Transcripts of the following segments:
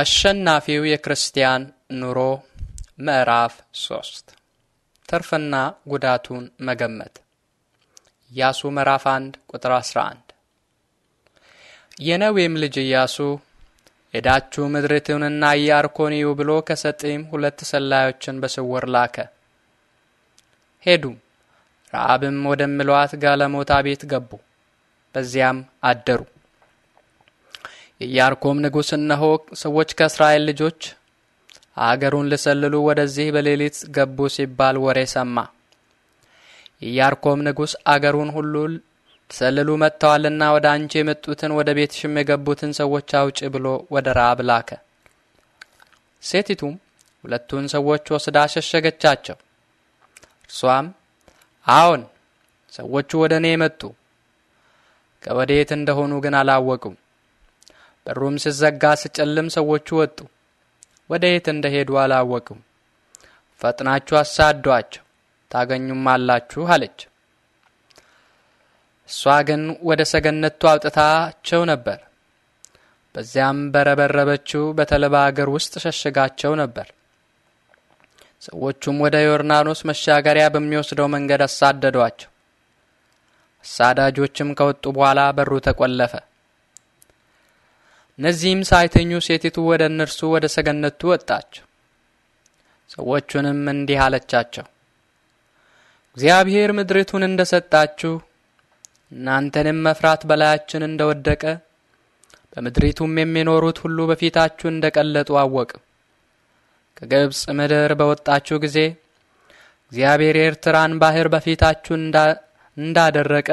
አሸናፊው የክርስቲያን ኑሮ ምዕራፍ 3 ትርፍና ጉዳቱን መገመት ኢያሱ ምዕራፍ 1 ቁጥር 11 የነዌም ልጅ ኢያሱ ሄዳችሁ ምድሪቱንና ኢያሪኮን እዩ ብሎ ከሰጢም ሁለት ሰላዮችን በስውር ላከ። ሄዱም ረዓብም ወደሚሏት ጋለሞታ ቤት ገቡ፣ በዚያም አደሩ። የኢያሪኮም ንጉሥ እነሆ ሰዎች ከእስራኤል ልጆች አገሩን ልሰልሉ ወደዚህ በሌሊት ገቡ ሲባል ወሬ ሰማ። የኢያሪኮም ንጉሥ አገሩን ሁሉ ሊሰልሉ መጥተዋልና ወደ አንቺ የመጡትን ወደ ቤትሽም የገቡትን ሰዎች አውጪ ብሎ ወደ ረአብ ላከ። ሴቲቱም ሁለቱን ሰዎች ወስዳ ሸሸገቻቸው። እርሷም አዎን ሰዎቹ ወደ እኔ መጡ፣ ከወዴት እንደሆኑ ግን አላወቁም በሩም ሲዘጋ ሲጨልም ሰዎቹ ወጡ። ወደ የት እንደ ሄዱ አላወቁም። ፈጥናችሁ አሳዷቸው ታገኙም አላችሁ አለች። እሷ ግን ወደ ሰገነቱ አውጥታቸው ነበር። በዚያም በረበረበችው በተልባ አገር ውስጥ ሸሽጋቸው ነበር። ሰዎቹም ወደ ዮርዳኖስ መሻገሪያ በሚወስደው መንገድ አሳደዷቸው። አሳዳጆችም ከወጡ በኋላ በሩ ተቆለፈ። እነዚህም ሳይተኙ ሴቲቱ ወደ እነርሱ ወደ ሰገነቱ ወጣች። ሰዎቹንም እንዲህ አለቻቸው፣ እግዚአብሔር ምድሪቱን እንደ ሰጣችሁ እናንተንም መፍራት በላያችን እንደ ወደቀ በምድሪቱም የሚኖሩት ሁሉ በፊታችሁ እንደ ቀለጡ አወቅ። ከግብፅ ምድር በወጣችሁ ጊዜ እግዚአብሔር የኤርትራን ባህር በፊታችሁ እንዳደረቀ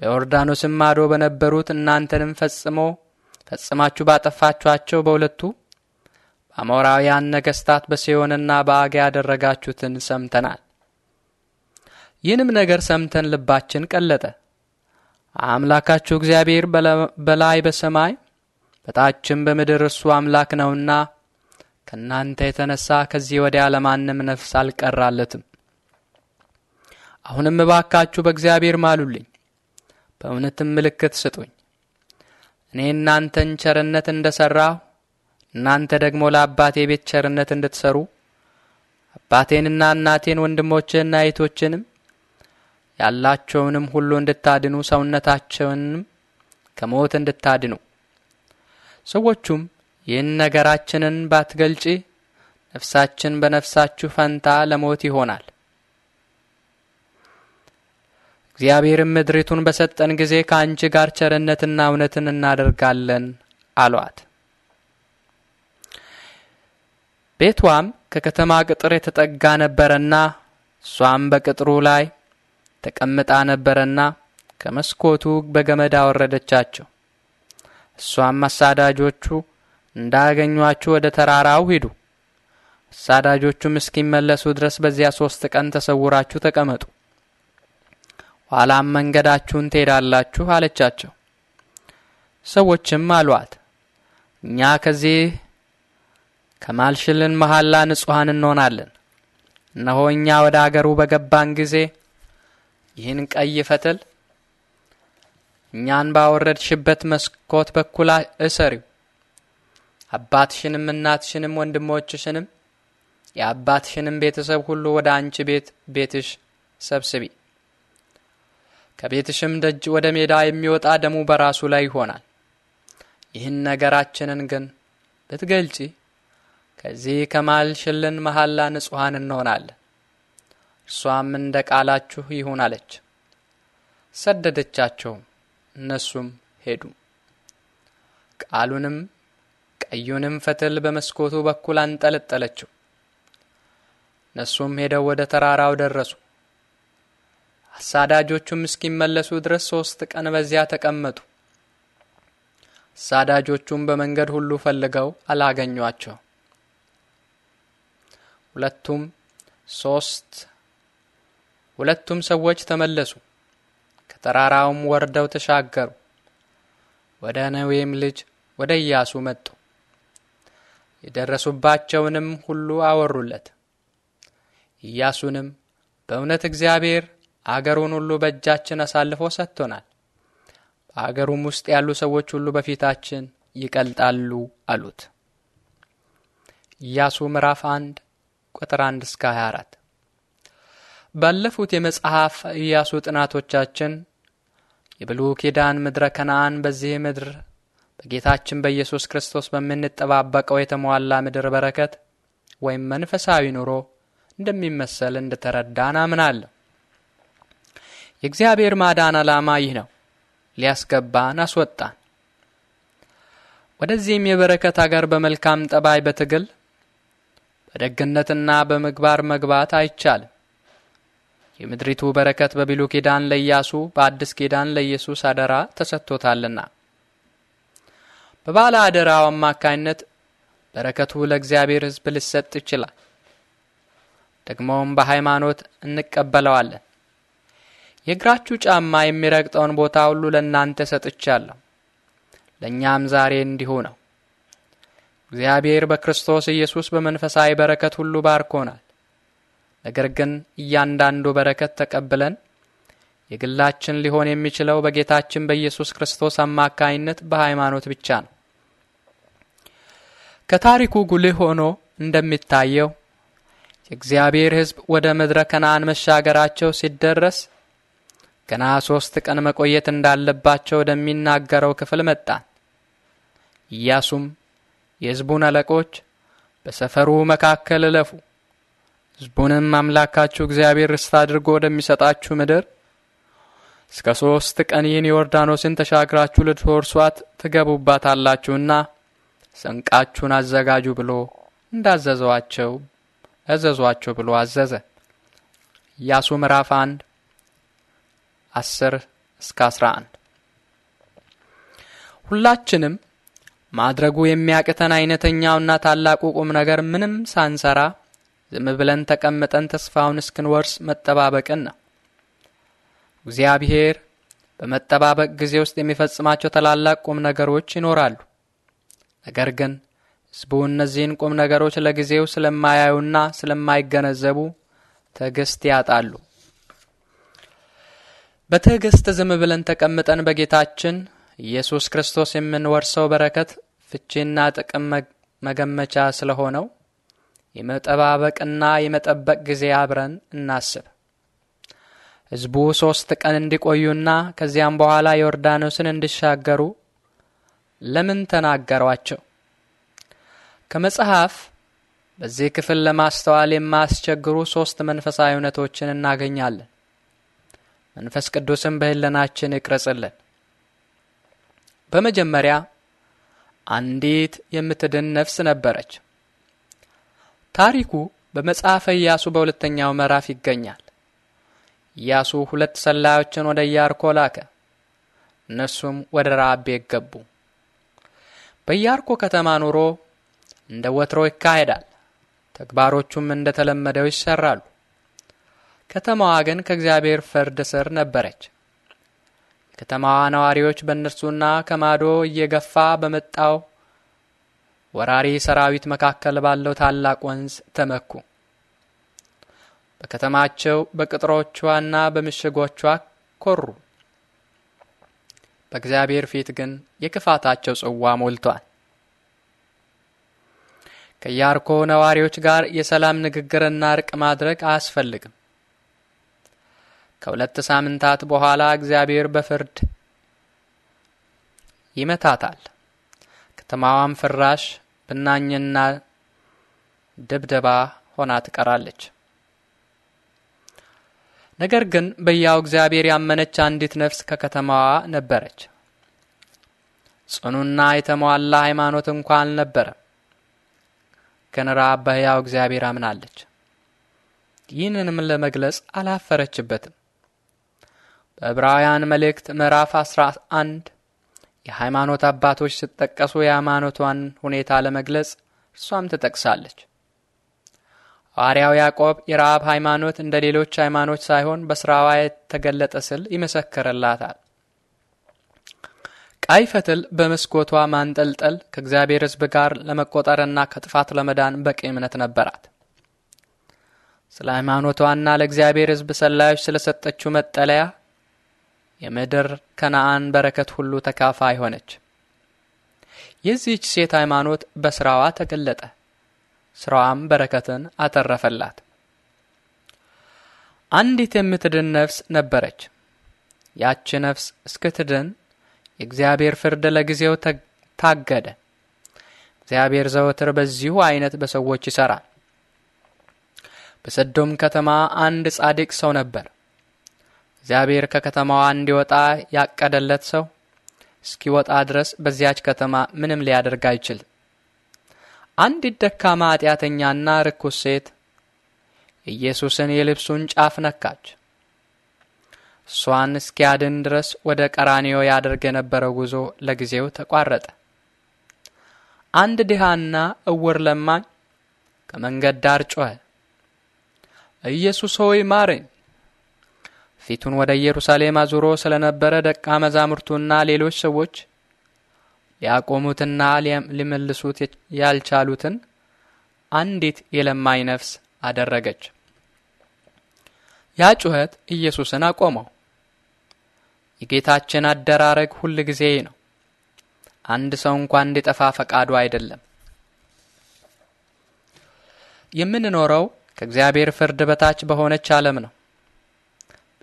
በዮርዳኖስም ማዶ በነበሩት እናንተንም ፈጽሞ ፈጽማችሁ ባጠፋችኋቸው በሁለቱ በአሞራውያን ነገሥታት በሲዮንና በአጋ ያደረጋችሁትን ሰምተናል። ይህንም ነገር ሰምተን ልባችን ቀለጠ። አምላካችሁ እግዚአብሔር በላይ በሰማይ በታችም በምድር እርሱ አምላክ ነውና ከእናንተ የተነሳ ከዚህ ወዲያ ለማንም ነፍስ አልቀራለትም። አሁንም እባካችሁ በእግዚአብሔር ማሉልኝ፣ በእውነትም ምልክት ስጡኝ። እኔ እናንተን ቸርነት እንደ ሠራሁ እናንተ ደግሞ ለአባቴ ቤት ቸርነት እንድትሰሩ አባቴንና እናቴን ወንድሞችንና እህቶችንም ያላቸውንም ሁሉ እንድታድኑ ሰውነታቸውንም ከሞት እንድታድኑ። ሰዎቹም ይህን ነገራችንን ባትገልጪ ነፍሳችን በነፍሳችሁ ፈንታ ለሞት ይሆናል እግዚአብሔርም ምድሪቱን በሰጠን ጊዜ ከአንቺ ጋር ቸርነትና እውነትን እናደርጋለን አሏት። ቤቷም ከከተማ ቅጥር የተጠጋ ነበረና እሷም በቅጥሩ ላይ ተቀምጣ ነበረና ከመስኮቱ በገመድ አወረደቻቸው። እሷም አሳዳጆቹ እንዳያገኟችሁ ወደ ተራራው ሂዱ፣ አሳዳጆቹም እስኪመለሱ ድረስ በዚያ ሶስት ቀን ተሰውራችሁ ተቀመጡ ኋላም መንገዳችሁን ትሄዳላችሁ አለቻቸው። ሰዎችም አሏት፣ እኛ ከዚህ ከማልሽልን መሐላ ንጹሐን እንሆናለን። እነሆ እኛ ወደ አገሩ በገባን ጊዜ ይህን ቀይ ፈትል እኛን ባወረድሽበት መስኮት በኩል እሰሪው። አባትሽንም እናትሽንም ወንድሞችሽንም የአባትሽንም ቤተሰብ ሁሉ ወደ አንቺ ቤት ቤትሽ ሰብስቢ ከቤትሽም ደጅ ወደ ሜዳ የሚወጣ ደሙ በራሱ ላይ ይሆናል። ይህን ነገራችንን ግን ብትገልጪ ከዚህ ከማልሽልን መሐላ ንጹሐን እንሆናለን። እርሷም እንደ ቃላችሁ ይሁን አለች። ሰደደቻቸውም፣ እነሱም ሄዱ። ቃሉንም ቀዩንም ፈትል በመስኮቱ በኩል አንጠለጠለችው። እነሱም ሄደው ወደ ተራራው ደረሱ። አሳዳጆቹም እስኪመለሱ ድረስ ሶስት ቀን በዚያ ተቀመጡ። አሳዳጆቹም በመንገድ ሁሉ ፈልገው አላገኟቸው። ሁለቱም ሶስት ሁለቱም ሰዎች ተመለሱ፣ ከተራራውም ወርደው ተሻገሩ፣ ወደ ነዌም ልጅ ወደ ኢያሱ መጡ። የደረሱባቸውንም ሁሉ አወሩለት። ኢያሱንም በእውነት እግዚአብሔር አገሩን ሁሉ በእጃችን አሳልፎ ሰጥቶናል። በአገሩም ውስጥ ያሉ ሰዎች ሁሉ በፊታችን ይቀልጣሉ አሉት። ኢያሱ ምዕራፍ 1 ቁጥር 1 እስከ 24። ባለፉት የመጽሐፍ ኢያሱ ጥናቶቻችን የብሉይ ኪዳን ምድረ ከነአን በዚህ ምድር በጌታችን በኢየሱስ ክርስቶስ በምንጠባበቀው የተሟላ ምድር በረከት ወይም መንፈሳዊ ኑሮ እንደሚመሰል እንደተረዳን አምናለሁ። የእግዚአብሔር ማዳን ዓላማ ይህ ነው። ሊያስገባን አስወጣን። ወደዚህም የበረከት አገር በመልካም ጠባይ በትግል በደግነትና በምግባር መግባት አይቻልም። የምድሪቱ በረከት በብሉይ ኪዳን ለኢያሱ በአዲስ ኪዳን ለኢየሱስ አደራ ተሰጥቶታልና በባለ አደራው አማካይነት በረከቱ ለእግዚአብሔር ሕዝብ ሊሰጥ ይችላል። ደግሞም በሃይማኖት እንቀበለዋለን። የእግራችሁ ጫማ የሚረግጠውን ቦታ ሁሉ ለእናንተ ሰጥቻለሁ። ለእኛም ዛሬ እንዲሁ ነው። እግዚአብሔር በክርስቶስ ኢየሱስ በመንፈሳዊ በረከት ሁሉ ባርኮናል። ነገር ግን እያንዳንዱ በረከት ተቀብለን የግላችን ሊሆን የሚችለው በጌታችን በኢየሱስ ክርስቶስ አማካይነት በሃይማኖት ብቻ ነው። ከታሪኩ ጉልህ ሆኖ እንደሚታየው የእግዚአብሔር ሕዝብ ወደ ምድረ ከነአን መሻገራቸው ሲደረስ ገና ሦስት ቀን መቆየት እንዳለባቸው ወደሚናገረው ክፍል መጣን። ኢያሱም የሕዝቡን አለቆች በሰፈሩ መካከል እለፉ፣ ሕዝቡንም አምላካችሁ እግዚአብሔር ርስት አድርጎ ወደሚሰጣችሁ ምድር እስከ ሦስት ቀን ይህን ዮርዳኖስን ተሻግራችሁ ልትወርሷት ትገቡባታላችሁና ሰንቃችሁን አዘጋጁ ብሎ እንዳዘዘዋቸው እዘዟቸው ብሎ አዘዘ። ኢያሱ ምዕራፍ አንድ 10 እስከ 11 ሁላችንም ማድረጉ የሚያቅተን አይነተኛውና ታላቁ ቁም ነገር ምንም ሳንሰራ ዝም ብለን ተቀምጠን ተስፋውን እስክንወርስ መጠባበቅን ነው። እግዚአብሔር በመጠባበቅ ጊዜ ውስጥ የሚፈጽማቸው ታላላቅ ቁም ነገሮች ይኖራሉ። ነገር ግን ሕዝቡ እነዚህን ቁም ነገሮች ለጊዜው ስለማያዩና ስለማይገነዘቡ ትዕግስት ያጣሉ። በትዕግሥት ዝም ብለን ተቀምጠን በጌታችን ኢየሱስ ክርስቶስ የምንወርሰው በረከት ፍቺና ጥቅም መገመቻ ስለሆነው የመጠባበቅና የመጠበቅ ጊዜ አብረን እናስብ። ሕዝቡ ሦስት ቀን እንዲቆዩና ከዚያም በኋላ ዮርዳኖስን እንዲሻገሩ ለምን ተናገሯቸው? ከመጽሐፍ በዚህ ክፍል ለማስተዋል የማያስቸግሩ ሦስት መንፈሳዊ እውነቶችን እናገኛለን። መንፈስ ቅዱስም በህለናችን ይቅረጽልን። በመጀመሪያ አንዲት የምትድን ነፍስ ነበረች። ታሪኩ በመጽሐፈ ኢያሱ በሁለተኛው ምዕራፍ ይገኛል። ኢያሱ ሁለት ሰላዮችን ወደ ኢያርኮ ላከ። እነሱም ወደ ራቤ ገቡ። በኢያርኮ ከተማ ኑሮ እንደ ወትሮ ይካሄዳል። ተግባሮቹም እንደተለመደው ይሰራሉ። ከተማዋ ግን ከእግዚአብሔር ፍርድ ስር ነበረች። የከተማዋ ነዋሪዎች በእነርሱና ከማዶ እየገፋ በመጣው ወራሪ ሰራዊት መካከል ባለው ታላቅ ወንዝ ተመኩ። በከተማቸው በቅጥሮቿና በምሽጎቿ ኮሩ። በእግዚአብሔር ፊት ግን የክፋታቸው ጽዋ ሞልቷል። ከያርኮ ነዋሪዎች ጋር የሰላም ንግግርና እርቅ ማድረግ አያስፈልግም። ከሁለት ሳምንታት በኋላ እግዚአብሔር በፍርድ ይመታታል። ከተማዋም ፍራሽ ብናኝና ድብደባ ሆና ትቀራለች። ነገር ግን በያው እግዚአብሔር ያመነች አንዲት ነፍስ ከከተማዋ ነበረች። ጽኑና የተሟላ ሃይማኖት እንኳ አልነበረም፣ ግን ራብ በሕያው እግዚአብሔር አምናለች። ይህንንም ለመግለጽ አላፈረችበትም። በዕብራውያን መልእክት ምዕራፍ 11 የሃይማኖት አባቶች ሲጠቀሱ የሃይማኖቷን ሁኔታ ለመግለጽ እርሷም ትጠቅሳለች። ሐዋርያው ያዕቆብ የረአብ ሃይማኖት እንደ ሌሎች ሃይማኖት ሳይሆን በስራዋ የተገለጠ ስል ይመሰክርላታል። ቀይ ፈትል በመስኮቷ ማንጠልጠል ከእግዚአብሔር ሕዝብ ጋር ለመቆጠርና ከጥፋት ለመዳን በቂ እምነት ነበራት። ስለ ሃይማኖቷና ለእግዚአብሔር ሕዝብ ሰላዮች ስለሰጠችው መጠለያ የምድር ከነአን በረከት ሁሉ ተካፋይ ሆነች። የዚህች ሴት ሃይማኖት በስራዋ ተገለጠ፣ ስራዋም በረከትን አተረፈላት። አንዲት የምትድን ነፍስ ነበረች። ያቺ ነፍስ እስክትድን የእግዚአብሔር ፍርድ ለጊዜው ታገደ። እግዚአብሔር ዘወትር በዚሁ አይነት በሰዎች ይሠራል። በሰዶም ከተማ አንድ ጻድቅ ሰው ነበር። እግዚአብሔር ከከተማዋ እንዲወጣ ያቀደለት ሰው እስኪወጣ ድረስ በዚያች ከተማ ምንም ሊያደርግ አይችል። አንዲት ደካማ ኃጢአተኛና ርኩስ ሴት ኢየሱስን የልብሱን ጫፍ ነካች። እሷን እስኪያድን ድረስ ወደ ቀራንዮ ያደርግ የነበረው ጉዞ ለጊዜው ተቋረጠ። አንድ ድሃና እውር ለማኝ ከመንገድ ዳር ጮኸ፣ ኢየሱስ ሆይ ማረኝ። ፊቱን ወደ ኢየሩሳሌም አዙሮ ስለ ነበረ ደቀ መዛሙርቱና ሌሎች ሰዎች ሊያቆሙትና ሊመልሱት ያልቻሉትን አንዲት የለማኝ ነፍስ አደረገች። ያ ጩኸት ኢየሱስን አቆመው። የጌታችን አደራረግ ሁል ጊዜ ነው። አንድ ሰው እንኳን እንዲጠፋ ፈቃዱ አይደለም። የምንኖረው ከእግዚአብሔር ፍርድ በታች በሆነች ዓለም ነው።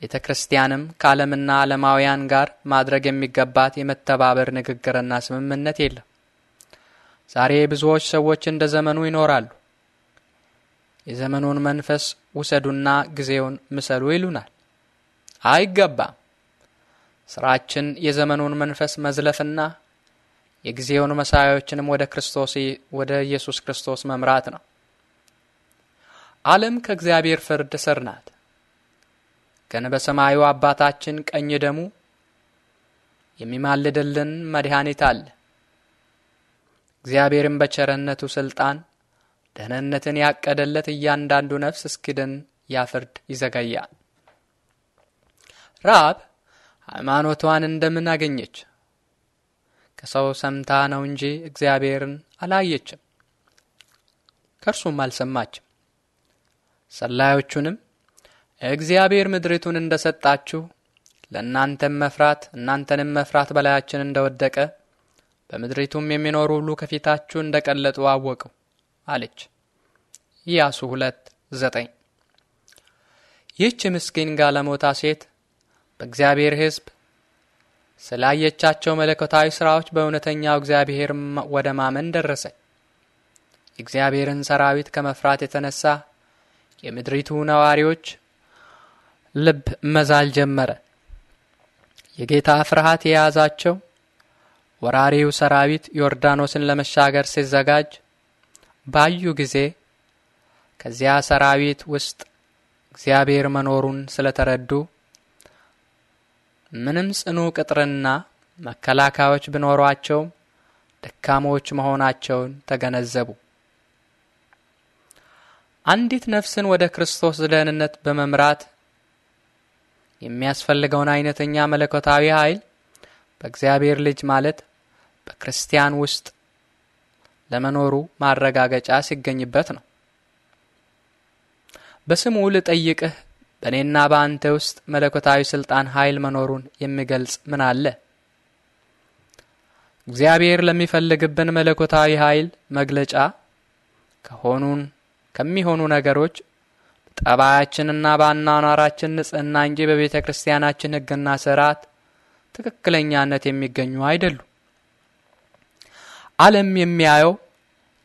ቤተ ክርስቲያንም ከዓለምና ዓለማውያን ጋር ማድረግ የሚገባት የመተባበር ንግግርና ስምምነት የለም። ዛሬ ብዙዎች ሰዎች እንደ ዘመኑ ይኖራሉ። የዘመኑን መንፈስ ውሰዱና ጊዜውን ምሰሉ ይሉናል። አይገባም። ስራችን የዘመኑን መንፈስ መዝለፍና የጊዜውን መሳያዎችንም ወደ ክርስቶስ ወደ ኢየሱስ ክርስቶስ መምራት ነው። ዓለም ከእግዚአብሔር ፍርድ ስር ናት። ግን በሰማዩ አባታችን ቀኝ ደሙ የሚማልድልን መድኃኒት አለ። እግዚአብሔርም በቸርነቱ ስልጣን ደህንነትን ያቀደለት እያንዳንዱ ነፍስ እስኪድን ያፍርድ ይዘገያል። ራብ ሃይማኖቷን እንደምን አገኘች? ከሰው ሰምታ ነው እንጂ እግዚአብሔርን አላየችም፣ ከእርሱም አልሰማችም። ሰላዮቹንም እግዚአብሔር ምድሪቱን እንደ ሰጣችሁ ለእናንተም መፍራት እናንተንም መፍራት በላያችን እንደ ወደቀ በምድሪቱም የሚኖሩ ሁሉ ከፊታችሁ እንደ ቀለጡ አወቅሁ አለች። ኢያሱ ሁለት ዘጠኝ ይህች ምስኪን ጋለሞታ ሴት በእግዚአብሔር ሕዝብ ስላየቻቸው መለኮታዊ ሥራዎች በእውነተኛው እግዚአብሔር ወደ ማመን ደረሰች። የእግዚአብሔርን ሰራዊት ከመፍራት የተነሳ የምድሪቱ ነዋሪዎች ልብ መዛል ጀመረ። የጌታ ፍርሃት የያዛቸው ወራሪው ሰራዊት ዮርዳኖስን ለመሻገር ሲዘጋጅ ባዩ ጊዜ ከዚያ ሰራዊት ውስጥ እግዚአብሔር መኖሩን ስለተረዱ ምንም ጽኑ ቅጥርና መከላከያዎች ቢኖሯቸውም ደካሞች መሆናቸውን ተገነዘቡ። አንዲት ነፍስን ወደ ክርስቶስ ደህንነት በመምራት የሚያስፈልገውን አይነተኛ መለኮታዊ ኃይል በእግዚአብሔር ልጅ ማለት በክርስቲያን ውስጥ ለመኖሩ ማረጋገጫ ሲገኝበት ነው። በስሙ ልጠይቅህ በእኔና በአንተ ውስጥ መለኮታዊ ስልጣን ኃይል መኖሩን የሚገልጽ ምን አለ? እግዚአብሔር ለሚፈልግብን መለኮታዊ ኃይል መግለጫ ከሆኑን ከሚሆኑ ነገሮች ጠባያችንና በአኗኗራችን ንጽህና እንጂ በቤተ ክርስቲያናችን ሕግና ስርዓት ትክክለኛነት የሚገኙ አይደሉም። ዓለም የሚያየው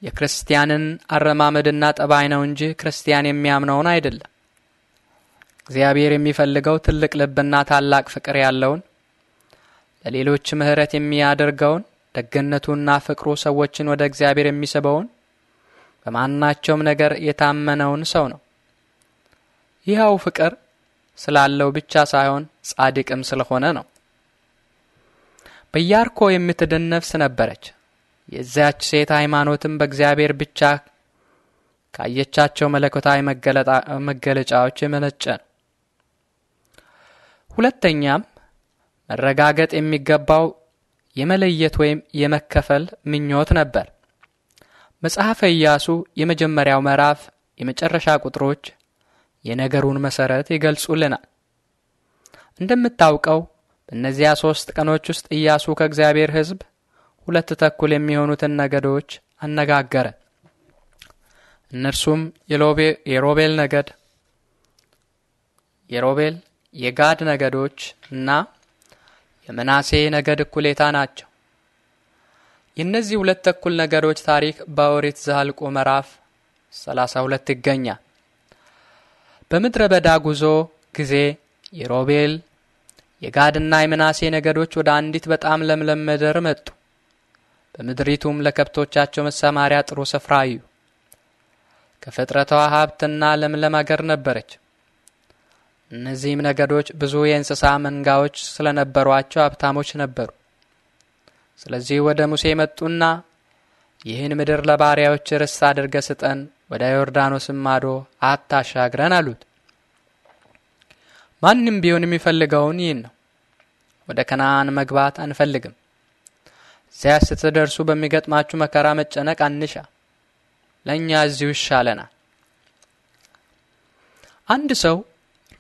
የክርስቲያንን አረማመድና ጠባይ ነው እንጂ ክርስቲያን የሚያምነውን አይደለም። እግዚአብሔር የሚፈልገው ትልቅ ልብና ታላቅ ፍቅር ያለውን ለሌሎች ምሕረት የሚያደርገውን ደግነቱና ፍቅሩ ሰዎችን ወደ እግዚአብሔር የሚስበውን በማናቸውም ነገር የታመነውን ሰው ነው። ይኸው ፍቅር ስላለው ብቻ ሳይሆን ጻድቅም ስለሆነ ነው። በያርኮ የምትድን ነፍስ ነበረች። የዚያች ሴት ሃይማኖትም በእግዚአብሔር ብቻ ካየቻቸው መለኮታዊ መገለጫዎች የመነጨ ነው። ሁለተኛም መረጋገጥ የሚገባው የመለየት ወይም የመከፈል ምኞት ነበር። መጽሐፈ ኢያሱ የመጀመሪያው ምዕራፍ የመጨረሻ ቁጥሮች የነገሩን መሰረት ይገልጹልናል። እንደምታውቀው በእነዚያ ሦስት ቀኖች ውስጥ ኢያሱ ከእግዚአብሔር ሕዝብ ሁለት ተኩል የሚሆኑትን ነገዶች አነጋገረ። እነርሱም የሮቤል ነገድ፣ የሮቤል የጋድ ነገዶች እና የመናሴ ነገድ እኩሌታ ናቸው። የእነዚህ ሁለት ተኩል ነገዶች ታሪክ በኦሪት ዘኍልቍ ምዕራፍ 32 ይገኛል። በምድረ በዳ ጉዞ ጊዜ የሮቤል የጋድና የምናሴ ነገዶች ወደ አንዲት በጣም ለምለም ምድር መጡ። በምድሪቱም ለከብቶቻቸው መሰማሪያ ጥሩ ስፍራ አዩ። ከፍጥረቷ ሀብትና ለምለም አገር ነበረች። እነዚህም ነገዶች ብዙ የእንስሳ መንጋዎች ስለነበሯቸው ሀብታሞች ነበሩ። ስለዚህ ወደ ሙሴ መጡና ይህን ምድር ለባሪያዎች ርስት አድርገ ስጠን፣ ወደ ዮርዳኖስም ማዶ አታሻግረን አሉት። ማንም ቢሆን የሚፈልገውን ይህን ነው። ወደ ከነአን መግባት አንፈልግም። እዚያ ስትደርሱ በሚገጥማችሁ መከራ መጨነቅ አንሻ። ለእኛ እዚሁ ይሻለናል። አንድ ሰው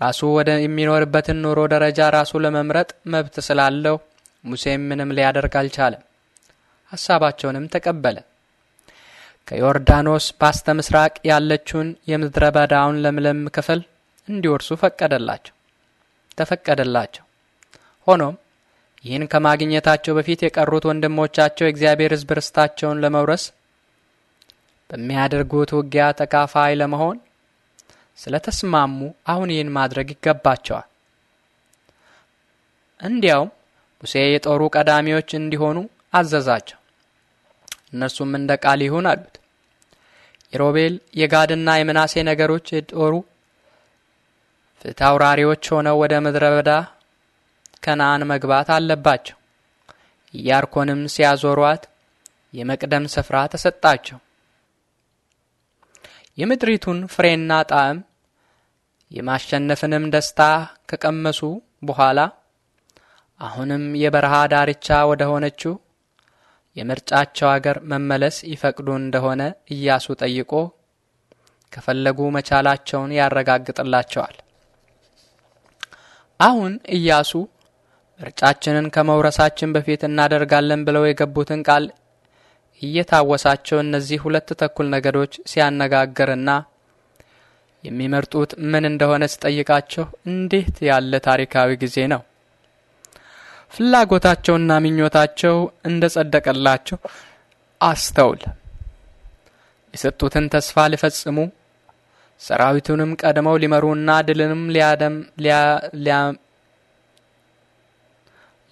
ራሱ ወደ የሚኖርበትን ኑሮ ደረጃ ራሱ ለመምረጥ መብት ስላለው ሙሴም ምንም ሊያደርግ አልቻለም። ሀሳባቸውንም ተቀበለ። ከዮርዳኖስ በስተ ምስራቅ ያለችውን የምድረ በዳውን ለምለም ክፍል እንዲወርሱ ፈቀደላቸው ተፈቀደላቸው። ሆኖም ይህን ከማግኘታቸው በፊት የቀሩት ወንድሞቻቸው የእግዚአብሔር ሕዝብ ርስታቸውን ለመውረስ በሚያደርጉት ውጊያ ተካፋይ ለመሆን ስለተስማሙ አሁን ይህን ማድረግ ይገባቸዋል። እንዲያውም ሙሴ የጦሩ ቀዳሚዎች እንዲሆኑ አዘዛቸው። እነርሱም እንደ ቃል ይሁን አሉት። የሮቤል የጋድና የምናሴ ነገሮች የጦሩ ፊት አውራሪዎች ሆነው ወደ ምድረ በዳ ከነአን መግባት አለባቸው። ኢያሪኮንም ሲያዞሯት የመቅደም ስፍራ ተሰጣቸው። የምድሪቱን ፍሬና ጣዕም የማሸነፍንም ደስታ ከቀመሱ በኋላ አሁንም የበረሃ ዳርቻ ወደ ሆነችው የምርጫቸው አገር መመለስ ይፈቅዱ እንደሆነ እያሱ ጠይቆ ከፈለጉ መቻላቸውን ያረጋግጥላቸዋል። አሁን እያሱ ምርጫችንን ከመውረሳችን በፊት እናደርጋለን ብለው የገቡትን ቃል እየታወሳቸው እነዚህ ሁለት ተኩል ነገዶች ሲያነጋግርና የሚመርጡት ምን እንደሆነ ስጠይቃቸው እንዴት ያለ ታሪካዊ ጊዜ ነው! ፍላጎታቸውና ምኞታቸው እንደ ጸደቀላቸው አስተውል። የሰጡትን ተስፋ ሊፈጽሙ ሰራዊቱንም ቀድመው ሊመሩና ድልንም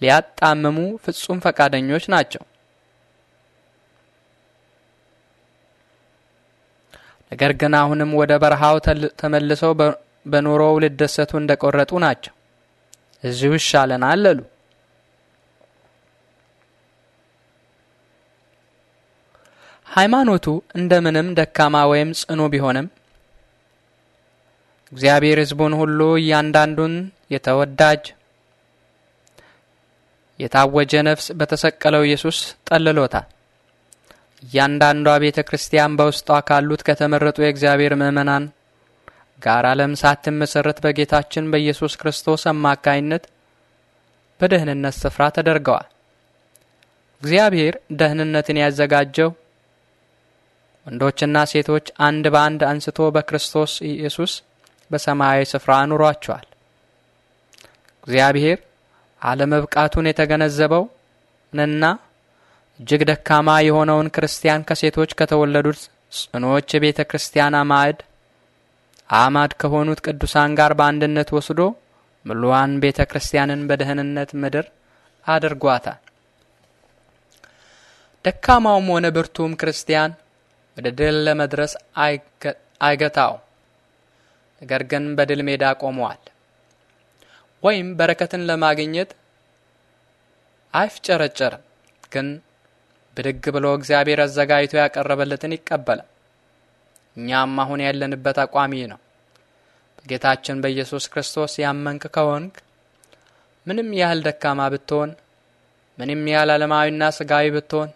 ሊያጣምሙ ፍጹም ፈቃደኞች ናቸው። ነገር ግን አሁንም ወደ በረሃው ተመልሰው በኑሮው ሊደሰቱ እንደቆረጡ ናቸው። እዚሁ ይሻለናል አሉ። ሃይማኖቱ እንደምንም ደካማ ወይም ጽኑ ቢሆንም እግዚአብሔር ሕዝቡን ሁሉ እያንዳንዱን የተወዳጅ የታወጀ ነፍስ በተሰቀለው ኢየሱስ ጠልሎታል። እያንዳንዷ ቤተ ክርስቲያን በውስጧ ካሉት ከተመረጡ የእግዚአብሔር ምዕመናን ጋር ዓለም ሳትመሰረት በጌታችን በኢየሱስ ክርስቶስ አማካይነት በደህንነት ስፍራ ተደርገዋል። እግዚአብሔር ደህንነትን ያዘጋጀው ወንዶችና ሴቶች አንድ በአንድ አንስቶ በክርስቶስ ኢየሱስ በሰማያዊ ስፍራ አኑሯቸዋል። እግዚአብሔር አለመብቃቱን የተገነዘበውንና እጅግ ደካማ የሆነውን ክርስቲያን ከሴቶች ከተወለዱት ጽኖች የቤተ ክርስቲያን አማድ አማድ ከሆኑት ቅዱሳን ጋር በአንድነት ወስዶ ምሉዋን ቤተ ክርስቲያንን በደህንነት ምድር አድርጓታል። ደካማውም ሆነ ብርቱም ክርስቲያን ወደ ድል ለመድረስ አይገታው፣ ነገር ግን በድል ሜዳ ቆመዋል። ወይም በረከትን ለማግኘት አይፍጨረጨርም፣ ግን ብድግ ብሎ እግዚአብሔር አዘጋጅቶ ያቀረበለትን ይቀበላል። እኛም አሁን ያለንበት አቋሚ ነው። በጌታችን በኢየሱስ ክርስቶስ ያመንክ ከሆንክ ምንም ያህል ደካማ ብትሆን፣ ምንም ያህል ዓለማዊና ስጋዊ ብትሆን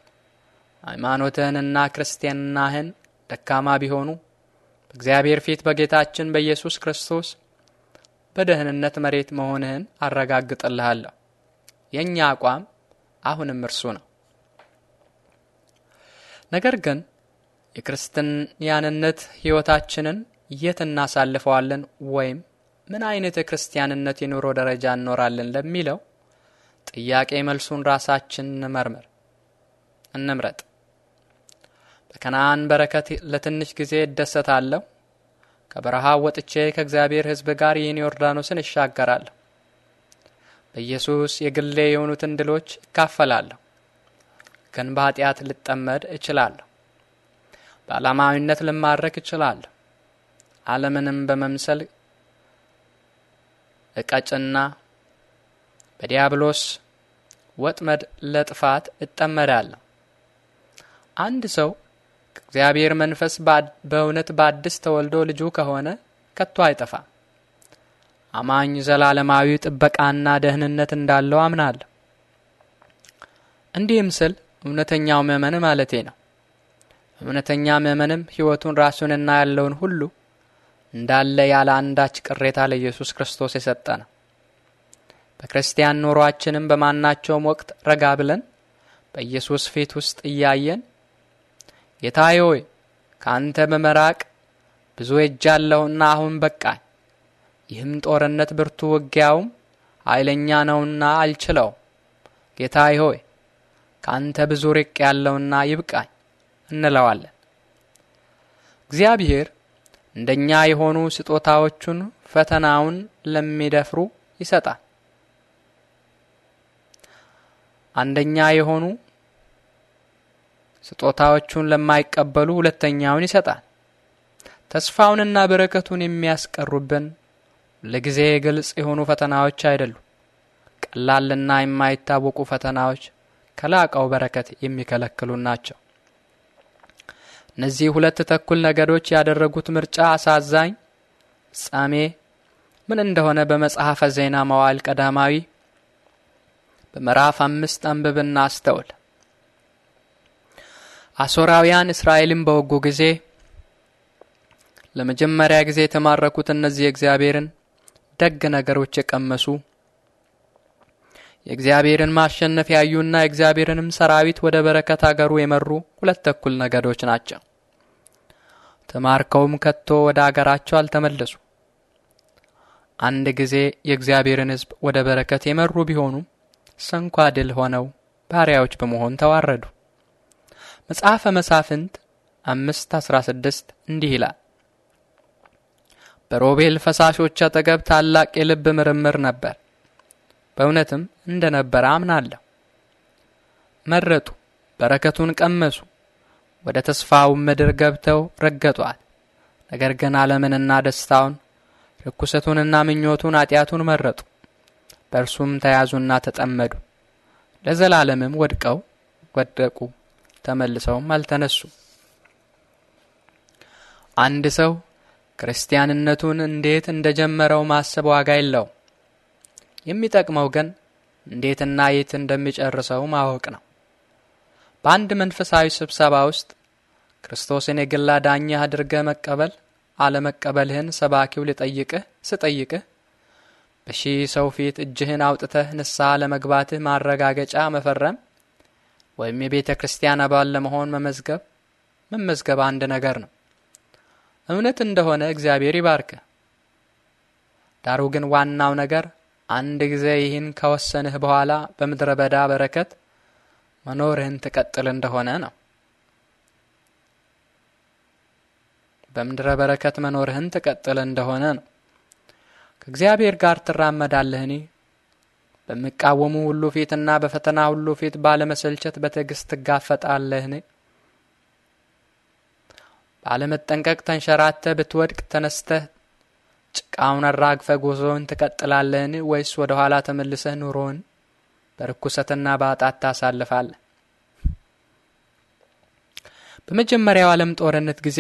ሃይማኖትህንና ክርስትናህን ደካማ ቢሆኑ በእግዚአብሔር ፊት በጌታችን በኢየሱስ ክርስቶስ በደህንነት መሬት መሆንህን አረጋግጥልሃለሁ። የእኛ አቋም አሁንም እርሱ ነው። ነገር ግን የክርስትያንነት ሕይወታችንን የት እናሳልፈዋለን ወይም ምን አይነት የክርስቲያንነት የኑሮ ደረጃ እንኖራለን ለሚለው ጥያቄ መልሱን ራሳችን እንመርምር፣ እንምረጥ። በከነዓን በረከት ለትንሽ ጊዜ እደሰታለሁ። ከበረሃ ወጥቼ ከእግዚአብሔር ሕዝብ ጋር ይህን ዮርዳኖስን እሻገራለሁ። በኢየሱስ የግሌ የሆኑትን ድሎች እካፈላለሁ። ግን በኃጢአት ልጠመድ እችላለሁ። በዓላማዊነት ልማረክ እችላለሁ። ዓለምንም በመምሰል እቀጭና በዲያብሎስ ወጥመድ ለጥፋት እጠመዳለሁ። አንድ ሰው እግዚአብሔር መንፈስ በእውነት በአዲስ ተወልዶ ልጁ ከሆነ ከቶ አይጠፋ። አማኝ ዘላለማዊ ጥበቃና ደህንነት እንዳለው አምናለሁ። እንዲህም ስል እውነተኛው ምእመን ማለቴ ነው። እውነተኛ ምእመንም ሕይወቱን ራሱንና ያለውን ሁሉ እንዳለ ያለ አንዳች ቅሬታ ለኢየሱስ ክርስቶስ የሰጠ ነው። በክርስቲያን ኑሯችንም በማናቸውም ወቅት ረጋ ብለን በኢየሱስ ፊት ውስጥ እያየን ጌታዬ ሆይ ከአንተ በመራቅ ብዙ ሄጃለሁና አሁን በቃኝ። ይህም ጦርነት ብርቱ፣ ውጊያውም ኃይለኛ ነውና አልችለውም። ጌታዬ ሆይ ከአንተ ብዙ ርቅ ያለውና ይብቃኝ እንለዋለን። እግዚአብሔር እንደኛ የሆኑ ስጦታዎቹን ፈተናውን ለሚደፍሩ ይሰጣል። አንደኛ የሆኑ ስጦታዎቹን ለማይቀበሉ ሁለተኛውን ይሰጣል። ተስፋውንና በረከቱን የሚያስቀሩብን ለጊዜ ግልጽ የሆኑ ፈተናዎች አይደሉም። ቀላልና የማይታወቁ ፈተናዎች ከላቀው በረከት የሚከለክሉ ናቸው። እነዚህ ሁለት ተኩል ነገዶች ያደረጉት ምርጫ አሳዛኝ ፍጻሜ ምን እንደሆነ በመጽሐፈ ዜና መዋዕል ቀዳማዊ በምዕራፍ አምስት አንብብና አስተውል። አሶራውያን እስራኤልን በወጉ ጊዜ ለመጀመሪያ ጊዜ የተማረኩት እነዚህ የእግዚአብሔርን ደግ ነገሮች የቀመሱ የእግዚአብሔርን ማሸነፍ ያዩና የእግዚአብሔርንም ሰራዊት ወደ በረከት አገሩ የመሩ ሁለት ተኩል ነገዶች ናቸው። ተማርከውም ከቶ ወደ አገራቸው አልተመለሱ። አንድ ጊዜ የእግዚአብሔርን ሕዝብ ወደ በረከት የመሩ ቢሆኑም ሰንኳ ድል ሆነው ባሪያዎች በመሆን ተዋረዱ። መጽሐፈ መሳፍንት አምስት አስራ ስድስት እንዲህ ይላል በሮቤል ፈሳሾች አጠገብ ታላቅ የልብ ምርምር ነበር። በእውነትም እንደ ነበረ አምናለሁ። መረጡ፣ በረከቱን ቀመሱ፣ ወደ ተስፋው ምድር ገብተው ረገጧል። ነገር ግን ዓለምንና ደስታውን፣ ርኩሰቱንና ምኞቱን፣ አጢያቱን መረጡ። በእርሱም ተያዙና ተጠመዱ፣ ለዘላለምም ወድቀው ወደቁ። ተመልሰውም አልተነሱም። አንድ ሰው ክርስቲያንነቱን እንዴት እንደጀመረው ማሰብ ዋጋ የለውም። የሚጠቅመው ግን እንዴትና የት እንደሚጨርሰው ማወቅ ነው። በአንድ መንፈሳዊ ስብሰባ ውስጥ ክርስቶስን የግላ ዳኛ አድርገህ መቀበል አለመቀበልህን ሰባኪው ሊጠይቅህ ስጠይቅህ በሺህ ሰው ፊት እጅህን አውጥተህ ንስሐ ለመግባትህ ማረጋገጫ መፈረም ወይም የቤተ ክርስቲያን አባል ለመሆን መመዝገብ መመዝገብ አንድ ነገር ነው። እምነት እንደሆነ እግዚአብሔር ይባርክ። ዳሩ ግን ዋናው ነገር አንድ ጊዜ ይህን ከወሰንህ በኋላ በምድረ በዳ በረከት መኖርህን ትቀጥል እንደሆነ ነው። በምድረ በረከት መኖርህን ትቀጥል እንደሆነ ነው። ከእግዚአብሔር ጋር ትራመዳለህኒ በሚቃወሙ ሁሉ ፊትና በፈተና ሁሉ ፊት ባለመሰልቸት በትዕግሥት ትጋፈጣለህን? ባለመጠንቀቅ ተንሸራተ ብትወድቅ ተነስተህ ጭቃውን አራግፈ ጉዞውን ትቀጥላለህን? ወይስ ወደ ኋላ ተመልሰህ ኑሮን በርኩሰትና በአጣት ታሳልፋለህ? በመጀመሪያው ዓለም ጦርነት ጊዜ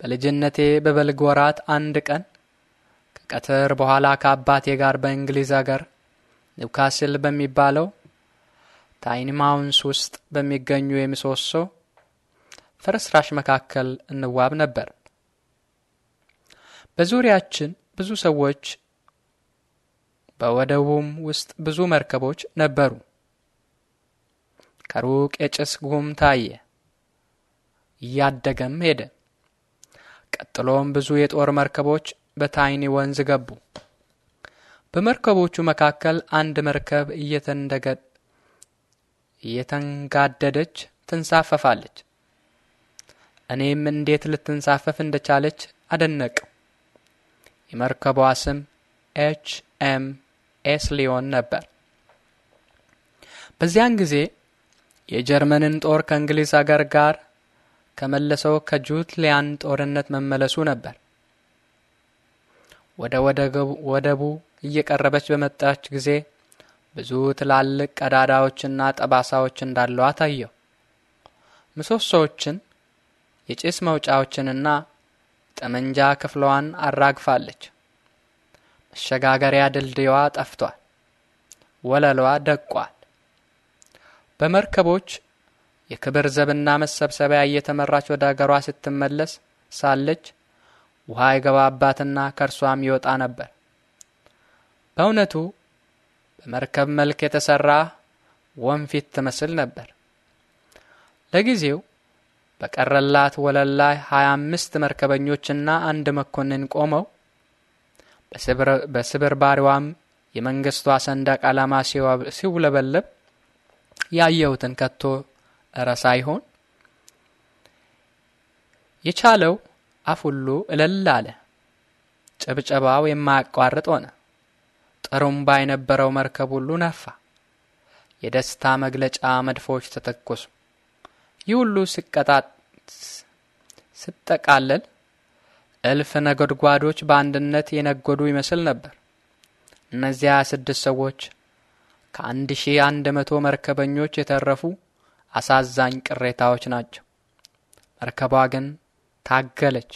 በልጅነቴ በበልግ ወራት አንድ ቀን ከቀትር በኋላ ከአባቴ ጋር በእንግሊዝ አገር ኒውካስል በሚባለው ማውንስ ውስጥ በሚገኙ የምሰሶ ፍርስራሽ መካከል እንዋብ ነበር። በዙሪያችን ብዙ ሰዎች፣ በወደቡም ውስጥ ብዙ መርከቦች ነበሩ። ከሩቅ የጭስ ጉም ታየ፣ እያደገም ሄደ። ቀጥሎም ብዙ የጦር መርከቦች በታይኒ ወንዝ ገቡ። በመርከቦቹ መካከል አንድ መርከብ እየተንጋደደች ትንሳፈፋለች። እኔም እንዴት ልትንሳፈፍ እንደቻለች አደነቅ። የመርከቧ ስም ኤች ኤም ኤስ ሊዮን ነበር። በዚያን ጊዜ የጀርመንን ጦር ከእንግሊዝ አገር ጋር ከመለሰው ከጁትሊያን ጦርነት መመለሱ ነበር። ወደ ወደቡ እየቀረበች በመጣች ጊዜ ብዙ ትላልቅ ቀዳዳዎችና ጠባሳዎች እንዳለዋ ታየው። ምሰሶዎችን፣ የጭስ መውጫዎችንና ጠመንጃ ክፍሏን አራግፋለች። መሸጋገሪያ ድልድዋ ጠፍቷል። ወለሏ ደቋል። በመርከቦች የክብር ዘብና መሰብሰቢያ እየተመራች ወደ አገሯ ስትመለስ ሳለች ውሃ ይገባባትና ከእርሷም ይወጣ ነበር። በእውነቱ በመርከብ መልክ የተሰራ ወንፊት ትመስል ነበር። ለጊዜው በቀረላት ወለል ላይ ሀያ አምስት መርከበኞችና አንድ መኮንን ቆመው በስብርባሪዋም የመንግስቷ ሰንደቅ ዓላማ ሲውለበለብ ያየሁትን ከቶ እረሳ ይሆን? የቻለው አፍ ሁሉ እልል አለ። ጭብጨባው የማያቋርጥ ሆነ። ጥሩምባ የነበረው መርከብ ሁሉ ነፋ። የደስታ መግለጫ መድፎች ተተኮሱ። ይህ ሁሉ ስጠቃለል ሲጠቃለል እልፍ ነጎድጓዶች በአንድነት የነጎዱ ይመስል ነበር። እነዚያ ስድስት ሰዎች ከአንድ ሺህ አንድ መቶ መርከበኞች የተረፉ አሳዛኝ ቅሬታዎች ናቸው። መርከቧ ግን ታገለች።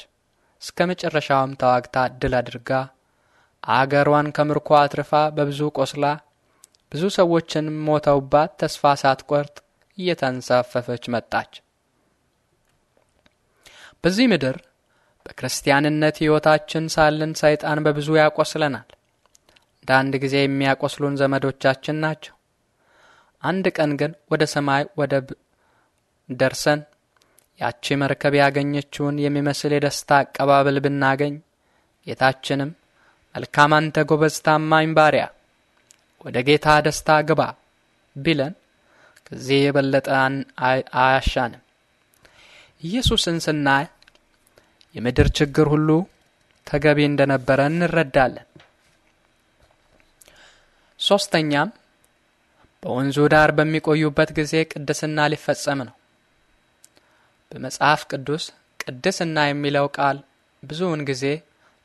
እስከ መጨረሻውም ተዋግታ ድል አድርጋ አገሯን ከምርኮ አትርፋ በብዙ ቆስላ ብዙ ሰዎችን ሞተውባት ተስፋ ሳትቆርጥ እየተንሳፈፈች መጣች። በዚህ ምድር በክርስቲያንነት ሕይወታችን ሳለን ሰይጣን በብዙ ያቆስለናል። አንዳንድ ጊዜ የሚያቆስሉን ዘመዶቻችን ናቸው። አንድ ቀን ግን ወደ ሰማይ ወደብ ደርሰን ያቺ መርከብ ያገኘችውን የሚመስል የደስታ አቀባበል ብናገኝ ጌታችንም መልካም አንተ ጎበዝ ታማኝ ባሪያ ወደ ጌታ ደስታ ግባ ቢለን ከዚህ የበለጠ አያሻንም። ኢየሱስን ስናይ የምድር ችግር ሁሉ ተገቢ እንደነበረ እንረዳለን። ሶስተኛም በወንዙ ዳር በሚቆዩበት ጊዜ ቅድስና ሊፈጸም ነው። በመጽሐፍ ቅዱስ ቅድስና የሚለው ቃል ብዙውን ጊዜ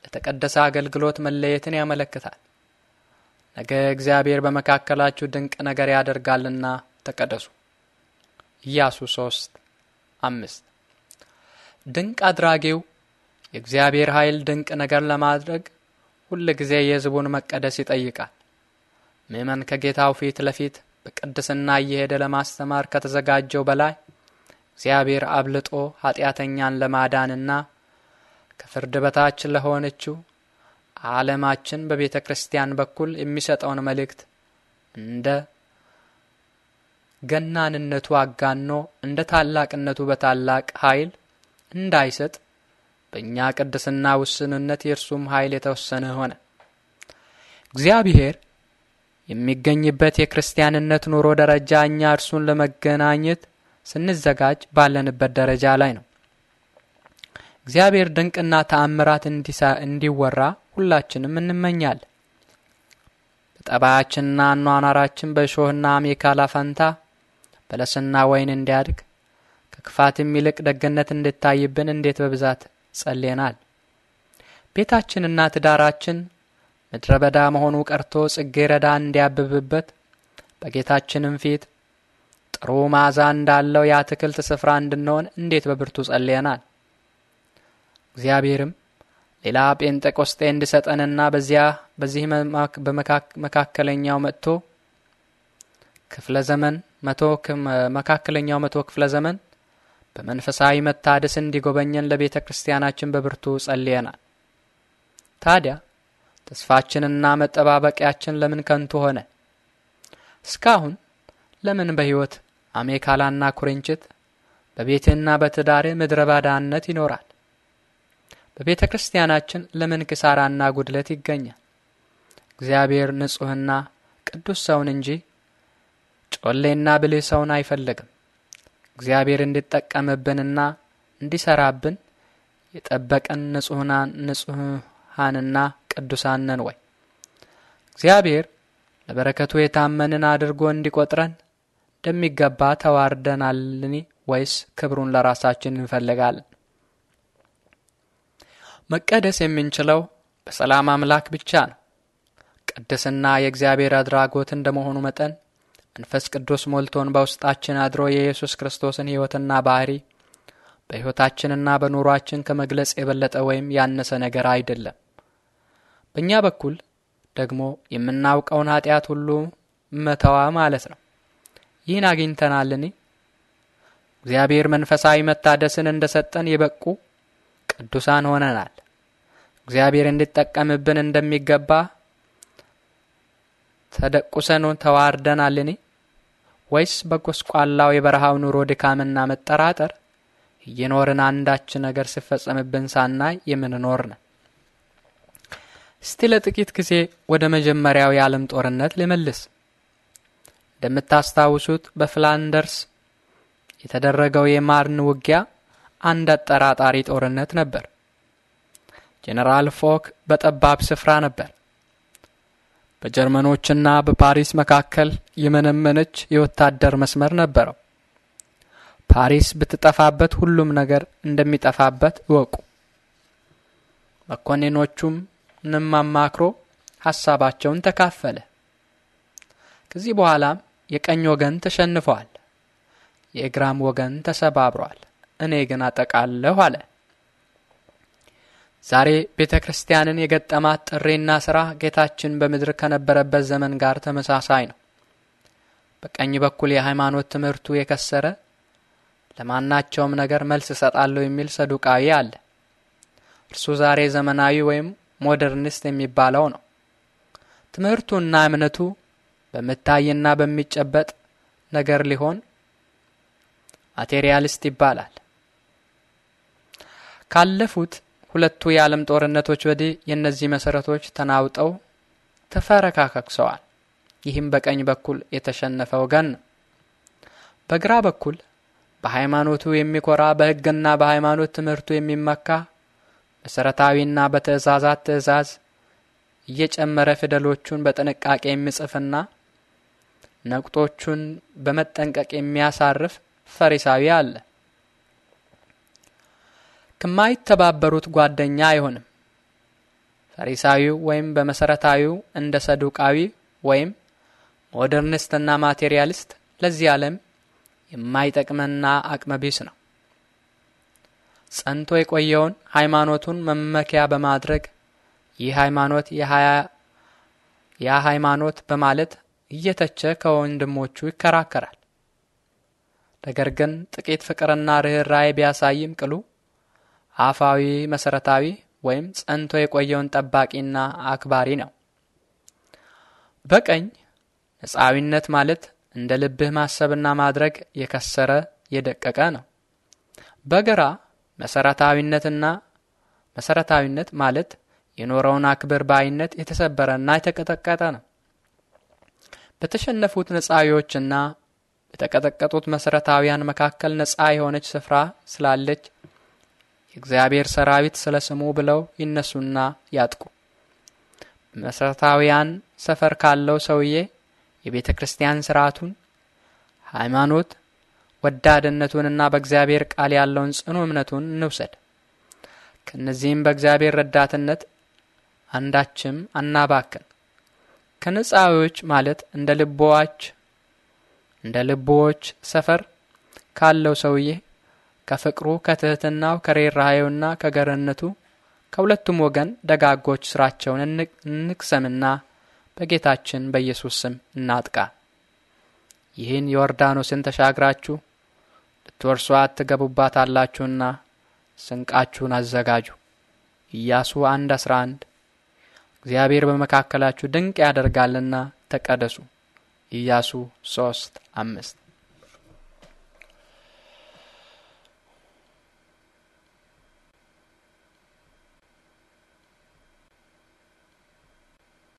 ለተቀደሰ አገልግሎት መለየትን ያመለክታል። ነገ እግዚአብሔር በመካከላችሁ ድንቅ ነገር ያደርጋልና ተቀደሱ። ኢያሱ ሶስት አምስት ድንቅ አድራጊው የእግዚአብሔር ኃይል ድንቅ ነገር ለማድረግ ሁል ጊዜ የሕዝቡን መቀደስ ይጠይቃል። ምእመን ከጌታው ፊት ለፊት በቅድስና እየሄደ ለማስተማር ከተዘጋጀው በላይ እግዚአብሔር አብልጦ ኃጢአተኛን ለማዳንና ከፍርድ በታች ለሆነችው ዓለማችን በቤተ ክርስቲያን በኩል የሚሰጠውን መልእክት እንደ ገናንነቱ አጋኖ እንደ ታላቅነቱ በታላቅ ኃይል እንዳይሰጥ በእኛ ቅድስና ውስንነት የእርሱም ኃይል የተወሰነ ሆነ። እግዚአብሔር የሚገኝበት የክርስቲያንነት ኑሮ ደረጃ እኛ እርሱን ለመገናኘት ስንዘጋጅ ባለንበት ደረጃ ላይ ነው። እግዚአብሔር ድንቅና ተአምራት እንዲወራ ሁላችንም እንመኛል። በጠባያችንና አኗኗራችን በእሾህና አሜካላ ፈንታ በለስና ወይን እንዲያድግ ከክፋት የሚልቅ ደግነት እንድታይብን እንዴት በብዛት ጸልየናል። ቤታችንና ትዳራችን ምድረ በዳ መሆኑ ቀርቶ ጽጌረዳ እንዲያብብበት በጌታችንም ፊት ጥሩ መዓዛ እንዳለው የአትክልት ስፍራ እንድንሆን እንዴት በብርቱ ጸልየናል። እግዚአብሔርም ሌላ ጴንጠቆስጤ እንድሰጠንና በዚያ በዚህ መካከለኛው መጥቶ ክፍለ ዘመን መቶ መካከለኛው መቶ ክፍለ ዘመን በመንፈሳዊ መታደስ እንዲጎበኘን ለቤተ ክርስቲያናችን በብርቱ ጸልየናል። ታዲያ ተስፋችንና መጠባበቂያችን ለምን ከንቱ ሆነ? እስካሁን ለምን በሕይወት አሜካላና ኩርንችት በቤትህና በትዳርህ ምድረ ባዳነት ይኖራል? በቤተ ክርስቲያናችን ለምን ክሳራና ጉድለት ይገኛል? እግዚአብሔር ንጹሕና ቅዱስ ሰውን እንጂ ጮሌና ብልህ ሰውን አይፈልግም። እግዚአብሔር እንዲጠቀምብንና እንዲሰራብን የጠበቀን ንጹሐንና ቅዱሳን ነን ወይ? እግዚአብሔር ለበረከቱ የታመንን አድርጎ እንዲቆጥረን እንደሚገባ ተዋርደናልን? ወይስ ክብሩን ለራሳችን እንፈልጋለን? መቀደስ የምንችለው በሰላም አምላክ ብቻ ነው። ቅድስና የእግዚአብሔር አድራጎት እንደመሆኑ መጠን መንፈስ ቅዱስ ሞልቶን በውስጣችን አድሮ የኢየሱስ ክርስቶስን ሕይወትና ባህሪ በሕይወታችንና በኑሯችን ከመግለጽ የበለጠ ወይም ያነሰ ነገር አይደለም። በእኛ በኩል ደግሞ የምናውቀውን ኃጢአት ሁሉ መተዋ ማለት ነው። ይህን አግኝተናልን? እግዚአብሔር መንፈሳዊ መታደስን እንደሰጠን የበቁ ቅዱሳን ሆነናል። እግዚአብሔር እንዲጠቀምብን እንደሚገባ ተደቁሰን ተዋርደናልን? ወይስ በጎስቋላው የበረሃው ኑሮ ድካምና መጠራጠር እየኖርን አንዳች ነገር ሲፈጸምብን ሳናይ የምንኖር ነን? እስቲ ለጥቂት ጊዜ ወደ መጀመሪያው የዓለም ጦርነት ልመልስ። እንደምታስታውሱት በፍላንደርስ የተደረገው የማርን ውጊያ አንድ አጠራጣሪ ጦርነት ነበር። ጄኔራል ፎክ በጠባብ ስፍራ ነበር። በጀርመኖችና በፓሪስ መካከል የመነመነች የወታደር መስመር ነበረው። ፓሪስ ብትጠፋበት ሁሉም ነገር እንደሚጠፋበት እወቁ። መኮኔኖቹም ንማማክሮ ሀሳባቸውን ተካፈለ። ከዚህ በኋላም የቀኝ ወገን ተሸንፈዋል፣ የእግራም ወገን ተሰባብሯል። እኔ ግን አጠቃለሁ አለ። ዛሬ ቤተ ክርስቲያንን የገጠማት ጥሪና ሥራ ጌታችን በምድር ከነበረበት ዘመን ጋር ተመሳሳይ ነው። በቀኝ በኩል የሃይማኖት ትምህርቱ የከሰረ ለማናቸውም ነገር መልስ እሰጣለሁ የሚል ሰዱቃዊ አለ። እርሱ ዛሬ ዘመናዊ ወይም ሞደርኒስት የሚባለው ነው። ትምህርቱና እምነቱ በምታይና በሚጨበጥ ነገር ሊሆን ማቴሪያሊስት ይባላል። ካለፉት ሁለቱ የዓለም ጦርነቶች ወዲህ የእነዚህ መሠረቶች ተናውጠው ተፈረካከክሰዋል። ይህም በቀኝ በኩል የተሸነፈ ወገን ነው። በግራ በኩል በሃይማኖቱ የሚኮራ በሕግና በሃይማኖት ትምህርቱ የሚመካ መሠረታዊና በትእዛዛት ትእዛዝ እየጨመረ ፊደሎቹን በጥንቃቄ የሚጽፍና ነቁጦቹን በመጠንቀቅ የሚያሳርፍ ፈሪሳዊ አለ። ከማይተባበሩት ጓደኛ አይሆንም። ፈሪሳዊው ወይም በመሰረታዊው እንደ ሰዱቃዊ ወይም ሞደርኒስትና ማቴሪያሊስት ለዚህ ዓለም የማይጠቅምና አቅመቢስ ነው። ጸንቶ የቆየውን ሃይማኖቱን መመኪያ በማድረግ ይህ ሃይማኖት ያ ሃይማኖት በማለት እየተቸ ከወንድሞቹ ይከራከራል። ነገር ግን ጥቂት ፍቅርና ርኅራዬ ቢያሳይም ቅሉ አፋዊ መሰረታዊ ወይም ጸንቶ የቆየውን ጠባቂና አክባሪ ነው። በቀኝ ነፃዊነት ማለት እንደ ልብህ ማሰብና ማድረግ የከሰረ የደቀቀ ነው። በግራ መሰረታዊነትና መሰረታዊነት ማለት የኖረውን አክብር ባይነት የተሰበረና የተቀጠቀጠ ነው። በተሸነፉት ነፃዊዎችና በተቀጠቀጡት መሰረታዊያን መካከል ነፃ የሆነች ስፍራ ስላለች የእግዚአብሔር ሰራዊት ስለ ስሙ ብለው ይነሱና ያጥቁ። መሠረታውያን ሰፈር ካለው ሰውዬ የቤተ ክርስቲያን ስርዓቱን፣ ሃይማኖት ወዳድነቱንና በእግዚአብሔር ቃል ያለውን ጽኑ እምነቱን እንውሰድ። ከእነዚህም በእግዚአብሔር ረዳትነት አንዳችም አናባክን። ከነጻዎች ማለት እንደ ልቦዎች እንደ ልቦዎች ሰፈር ካለው ሰውዬ ከፍቅሩ ከትህትናው ከሬራዩና ከገረነቱ ከሁለቱም ወገን ደጋጎች ስራቸውን እንቅሰምና በጌታችን በኢየሱስ ስም እናጥቃ። ይህን ዮርዳኖስን ተሻግራችሁ ልትወርሷ አላችሁና ስንቃችሁን አዘጋጁ። ኢያሱ አንድ አስራ አንድ እግዚአብሔር በመካከላችሁ ድንቅ ያደርጋልና ተቀደሱ። ኢያሱ ሶስት አምስት